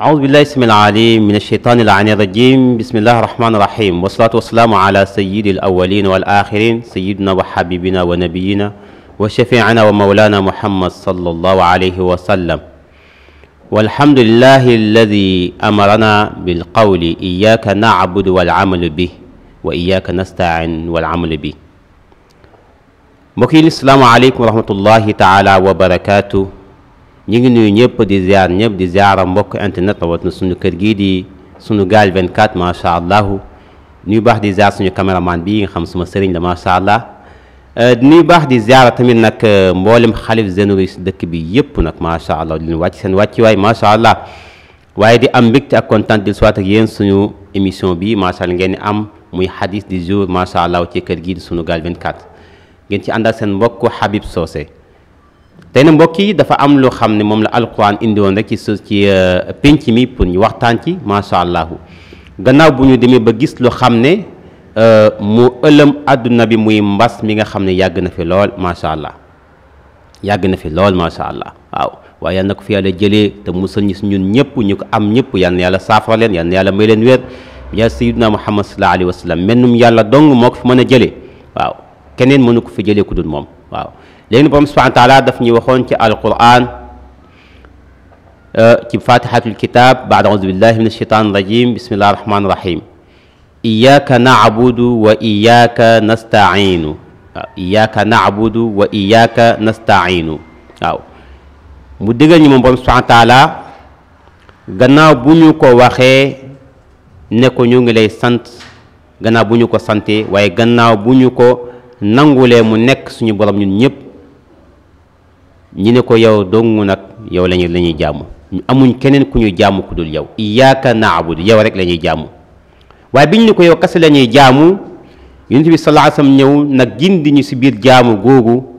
أعوذ بالله السميع العليم من الشيطان اللعين الرجيم بسم الله الرحمن الرحيم والصلاة والسلام على سيد الأولين والآخرين سيدنا وحبيبنا ونبينا وشفيعنا ومولانا محمد صلى الله عليه وسلم والحمد لله الذي أمرنا بالقول إياك نعبد والعمل به وإياك نستعين والعمل به mbokk yi salaamaaleykum wa rahmatullahi taala wa barakaatu ñu ngi nuyu ñëpp di ziar ñëpp di ziara mbokk internet rawat na suñu kër gii di suñu gaal ma macha allah nuyu baax di ziar suñu caméraman bi nga xam suma sëriñ la macha allah euh, nuyu baax di ziara tamit nag euh, mboolem xalif généraux dëkk bi yëpp nag macha allah di leen wàcc seen wàcciwaay macha allah waaye di am mbégte ak kontaan di soit ak yéen suñu émission ma macha allah ngeen am muy hadis di jour macha allah ci kër gii di suñu gaal 24 ngeen ci àndal seen mbokk Habib Socé. te na mbokk yi dafa am loo xam ne moom la alquran indi woon rek ci su ci euh, pénc mi pour ñu waxtaan ci macha allahu gannaaw bu ñu demee ba gis loo xam ne euh, mu ëlëm àdduna bi muy mbas mi nga xam ne yàgg na fi lool macha allah yàgg na fi lool macha allah waaw waaye yal na ko fi yàlla jëlee te musal ñu si ñun ñëpp ñu ko am ñëpp yal yàlla saafara leen yal yàlla may leen wér yaa sayyidina muhammad sallallahu alayhi wa sallam mennum yàlla dong moo ko fi mën a jëlee waaw keneen mënu ko fi jëlee ku dul moom waaw léegi borom subhanahu wa taala daf ñu waxoon ci alquran euh, ci fatihatul kitab baad audu billahi min alsheitan rajim bismillahi rahmani rahim iyaka naabudu wa iyaka nastainu waaw iyaka wa iyaka nastainu waaw mu gannaaw bu ñu ko waxee ne ko ñu ngi lay sant gannaaw bu ñu ko sante waaye gannaaw bu ñu ko nangulee mu nekk suñu borom ñun ñëpp ñu ne ko yow dong nag yow lañu la ñuy jaamu amuñ keneen ku ñuy jaamu ku dul yow iyyaka na'budu yow rek lañuy ñuy jaamu waaye biñ ne ko yow kese lañuy ñuy jaamu yonent bi sallallahu alayhi ñëw nag gindi ñu si biir jaamu googu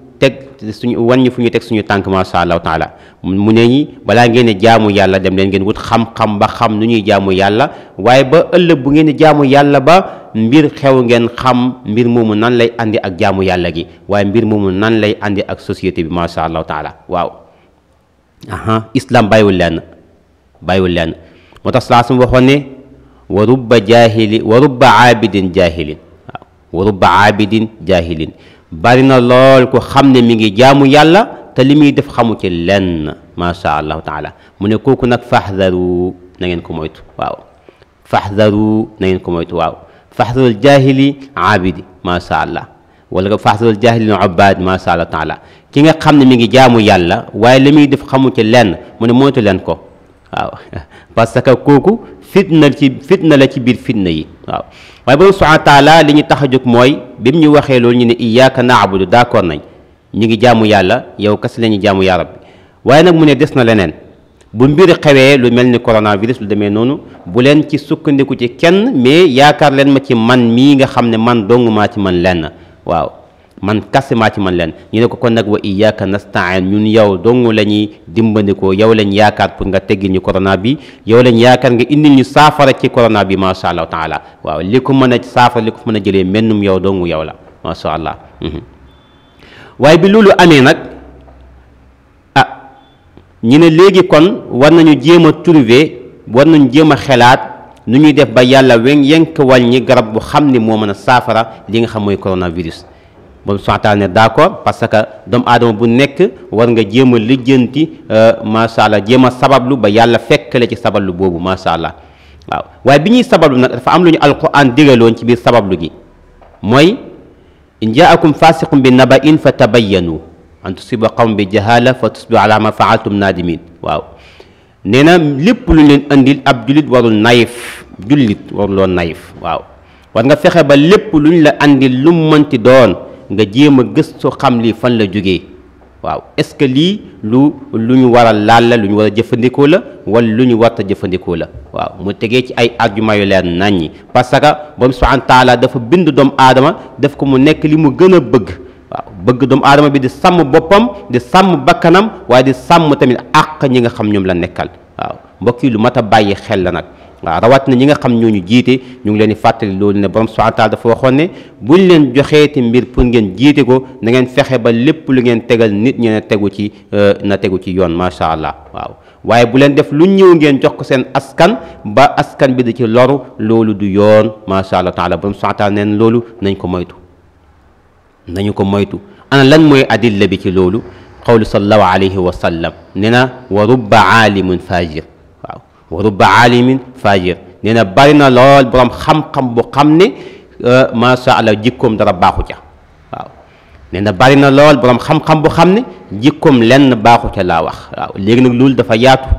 suñu wan ñu fu ñu teg suñu tànk macha allahu taala mu ne ñi balaa ngeen ne jaamu yàlla dem leen ngeen wut xam-xam ba xam nu ñuy jaamu yàlla waaye ba ëllëg bu ngeen jaamu yàlla ba mbir xew ngeen xam mbir moomu nan lay andi ak jaamu yàlla gi waaye mbir moomu nan lay andi ak societé bi macha allahu taala waaw aha islam bàyyiwul lenn bàyyiwul lenn moo tax salaa waxoon ne wa rubba jaahili wa rubba aabidin jaahilin waaw wa jaahilin bari na lool ku xam ne mi ngi jaamu yàlla te li muy def xamu ci lenn macha allahu taala mu ne kooku nag faxdaru na ngeen ko moytu waaw faxdaru na ngeen ko moytu waaw faxdarul jaahili abidi macha allah wala nga faxdarul jaahili obaad macha allah taala ki nga xam ne mi ngi jaamu yàlla waaye li muy def xamu ci lenn mu ne moytu leen ko waaw parce que kooku fitna ci fitna la ci biir fitna yi waaw waaye borom subhaanahu li ñu tax a jóg mooy bi mu ñu waxee loolu ñu ne iyyaka na'budu d'accord nañ ñu ngi jaamu yàlla yow kas la ñu jaamu yaa waaye nag mu ne des na leneen bu mbir xewee lu mel ni coronavirus lu demee noonu bu leen ci sukkandiku ci kenn mais yaakaar leen ma ci man mii nga xam ne man dongumaa maa ci man lenn waaw man kase maa ci man leen ñu ne ko kon nag wa iyyaka nasta'in ñun yow dong la ñuy dimbandikoo yow leen yaakaar pour nga teggil ñu corona bi yow lañ yaakaar nga indi ñu saafara ci corona bi masha allah taala waaw li ko mën a saafara li ko mën a jëlee mennum yow dong yow la masha allah mhm. waaye bi loolu amee nag ah ñu ne léegi kon war nañu jéem a trouver war nañu jéem a xelaat nu ñuy def ba yàlla weñ yenk wàl ñi garab bu xam ne moo mën a saafara li nga xam mooy coronavirus borom subhaana taala ne d'accord parce que doomu aadama bu nekk war nga jéem a lijjanti euh, macha allah jéem a sabablu ba yàlla fekkale ci sabablu boobu macha allah waaw waaye bi ñuy sabablu nag dafa am lu ñu alquran digaloon ci biir sabablu gi mooy in jaakum fasiqum bi naba in fa tabayyanu an tusiba qawm bi jahala fa tusbihu ala ma faaltum nadimin waaw nee na lépp lu leen andil ab jullit warul nayif jullit waruloo nayif waaw war nga fexe ba lépp nga jéem a gëstu xam lii fan la jóge waaw est-ce que lii lu lu ñu war a laal lu ñu war a jëfandikoo la wala lu ñu warta jëfandikoo la waaw mu tegee ci ay argument yu leer nañ ñi parce que borom subhanahu taala dafa bind doomu aadama def ko mu nekk li mu gën a bëgg waaw bëgg doomu aadama bi di sàmm boppam di sàmm bakkanam waaye di sàmm tamit àq ñi nga xam ñoom la nekkal waaw mbokk yi lu mat a bàyyi xel la nag waaw rawatina ñi nga xam ñoo ñu jiite ñu ngi leen di fàttali loolu ne borom subhaanahu wa taala dafa waxoon ne buñ leen joxee ti mbir pour ngeen jiite ko na ngeen fexe ba lépp lu ngeen tegal nit ñi na tegu ci euh, na tegu ci yoon macha allah waaw waaye bu leen def lu ñëw ngeen jox ko seen askan ba askan bi da ci loru loolu du yoon macha allah taala borom subhaanahu wa taala neen loolu nañ ko moytu nañu ko moytu ana lan mooy adilla bi ci loolu qawlu sallallahu alayhi wa sallam ne na wa rubba aalimun fajir wa rubba aalimin fajir nee na bari na lool borom xam-xam bu xam ne macha allah jikkoom dara baaxu ca waaw nee na bari na lool borom xam-xam bu xam ne jikkoom lenn baaxu ca laa wax waaw léegi nag loolu dafa yaatu.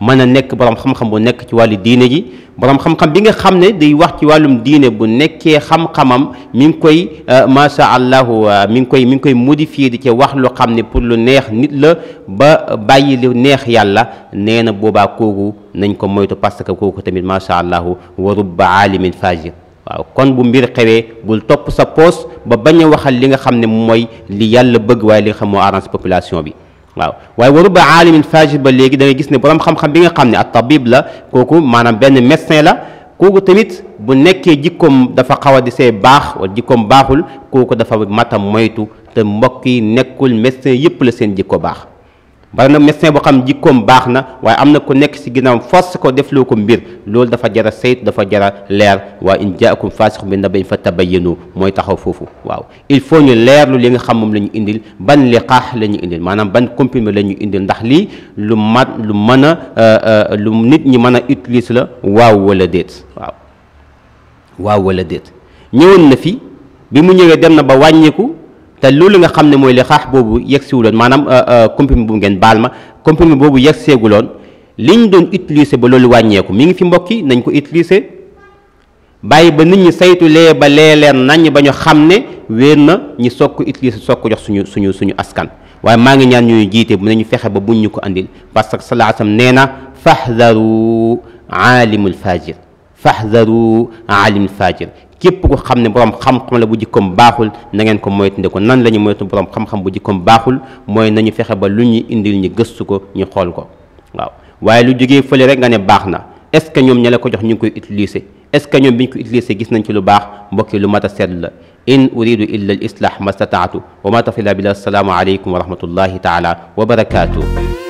mën a nekk boroom xam-xam bu nekk ci wàllu diine ji boroom xam-xam bi nga xam ne di wax ci wàllum diine bu nekkee xam-xamam mi ngi koy euh, macha allahu euh, mi ngi koy mi ngi koy modifier di ci wax lu xam ne pour lu neex nit la ba bàyyi lu neex yàlla nee na boobaa kooku nañ ko moytu parce que kooku tamit macha allahu wa rubba aalimin fajir waaw kon bu mbir xewee bul topp sa poos ba bañ waxal li nga xam ne mooy li yàlla bëgg waaye li nga xam moo arrange population bi waaw waaye wa rubba aalimin fajir ba léegi da gis ni boroom xam-xam bi nga xam ne at tabib la kooku maanaam benn médecin la kooku tamit bu nekkee jikkoom dafa xaw a di baax wala jikkoom baaxul kooku dafa matam moytu te mbokk yi nekkul médecin yëpp la seen jikko baax bari na médecin boo xam jikkoom baax na waaye am na ku nekk si ginnaaw force ko defloo ko mbir loolu dafa jara sayt dafa jara leer waaye in jaakum faasiqun bi naba'in fa tabayyanu mooy taxaw foofu waaw il faut ñu leerlu li nga xam moom la ñu indil ban liqaax la ñu indil maanaam ban comprimé lañu ñu indil ndax lii lu mat lu mën a euh, euh, lu nit ñi mën a utiliser la waaw wala déet waaw waaw wala déet ñëwoon na fi bi mu ñëwee dem na ba wàññeeku te loolu nga xam ne mooy li xaax boobu yegg siwuloon maanaam euh, euh, comprimé bu ngeen baal ma comprimé boobu yegg seeguloon liñ doon utiliser ba loolu wàññeeku mi ngi fi mbokki nañ ko utiliser bàyyi ba nit ñi saytu lee ba lee leer nañ ba ñu xam ne wéer na ñu soog ko utiliser soog ko jox suñu suñu suñu askan waaye maa ngi ñaan ñuy jiite bu nañu fexe ba buñ ñu ko andil parce que salaa sam nee na fahdaru aalimul fajir fahdaru aalimul fajir képp ko xam ne borom xam-xam la bu jikkoom baaxul na ngeen ko moytandiku nan la ñu moytu borom xam-xam bu jikkoom baaxul mooy nañu fexe ba lu ñu indil ñu gëstu ko ñu xool ko waaw waaye lu jógee fële rek nga ne baax na est ce que ñoom ña la ko jox ñu ngi koy utiliser est ce que ñoom bi ñu ko utiliser gis nañ ci lu baax mbokki lu mat a seetlu la in uridu illa al islah ma stataatu wa ma tafila bila asalaamu aleykum wa rahmatullahi taala wa barakaatu